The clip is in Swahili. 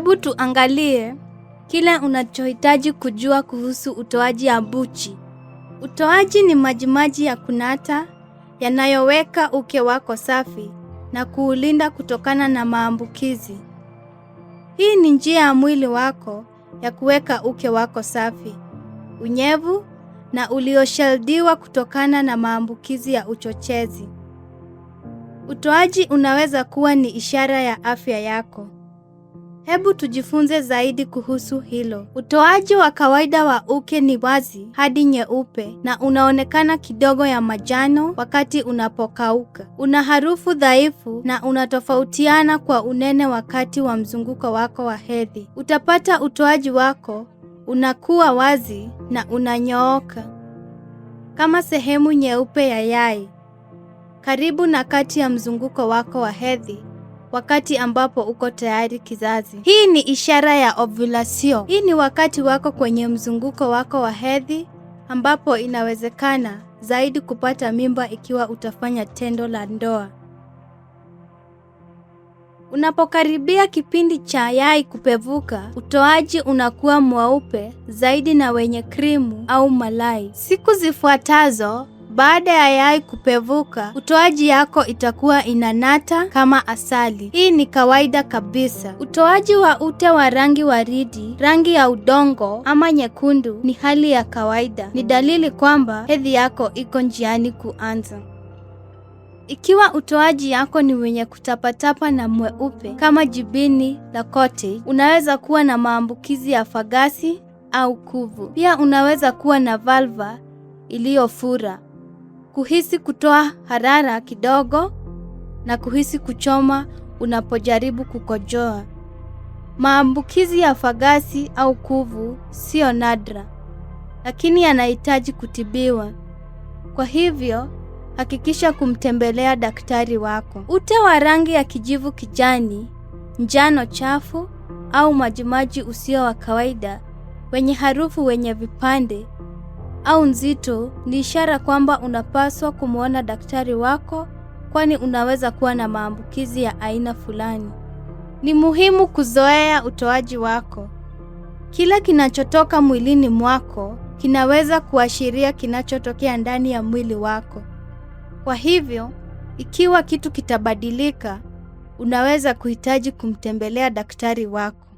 Hebu tuangalie kile unachohitaji kujua kuhusu utoaji buchi. Utoaji ni majimaji ya kunata yanayoweka uke wako safi na kuulinda kutokana na maambukizi. Hii ni njia ya mwili wako ya kuweka uke wako safi, unyevu na uliosheldiwa kutokana na maambukizi ya uchochezi. Utoaji unaweza kuwa ni ishara ya afya yako. Hebu tujifunze zaidi kuhusu hilo. Utoaji wa kawaida wa uke ni wazi hadi nyeupe na unaonekana kidogo ya majano wakati unapokauka. Una harufu dhaifu na unatofautiana kwa unene wakati wa mzunguko wako wa hedhi. Utapata utoaji wako unakuwa wazi na unanyooka kama sehemu nyeupe ya yai karibu na kati ya mzunguko wako wa hedhi wakati ambapo uko tayari kizazi. Hii ni ishara ya ovulation. Hii ni wakati wako kwenye mzunguko wako wa hedhi ambapo inawezekana zaidi kupata mimba ikiwa utafanya tendo la ndoa. Unapokaribia kipindi cha yai kupevuka, utoaji unakuwa mweupe zaidi na wenye krimu au malai. Siku zifuatazo baada ya yai kupevuka, utoaji yako itakuwa inanata kama asali. Hii ni kawaida kabisa. Utoaji wa ute wa rangi waridi, rangi ya udongo ama nyekundu ni hali ya kawaida. Ni dalili kwamba hedhi yako iko njiani kuanza. Ikiwa utoaji yako ni wenye kutapatapa na mweupe kama jibini la kote, unaweza kuwa na maambukizi ya fagasi au kuvu. Pia unaweza kuwa na valva iliyofura kuhisi kutoa harara kidogo na kuhisi kuchoma unapojaribu kukojoa. Maambukizi ya fagasi au kuvu siyo nadra, lakini yanahitaji kutibiwa. Kwa hivyo, hakikisha kumtembelea daktari wako. Ute wa rangi ya kijivu kijani, njano chafu au majimaji usio wa kawaida wenye harufu wenye vipande au nzito ni ishara kwamba unapaswa kumwona daktari wako, kwani unaweza kuwa na maambukizi ya aina fulani. Ni muhimu kuzoea utoaji wako. Kila kinachotoka mwilini mwako kinaweza kuashiria kinachotokea ndani ya mwili wako. Kwa hivyo, ikiwa kitu kitabadilika, unaweza kuhitaji kumtembelea daktari wako.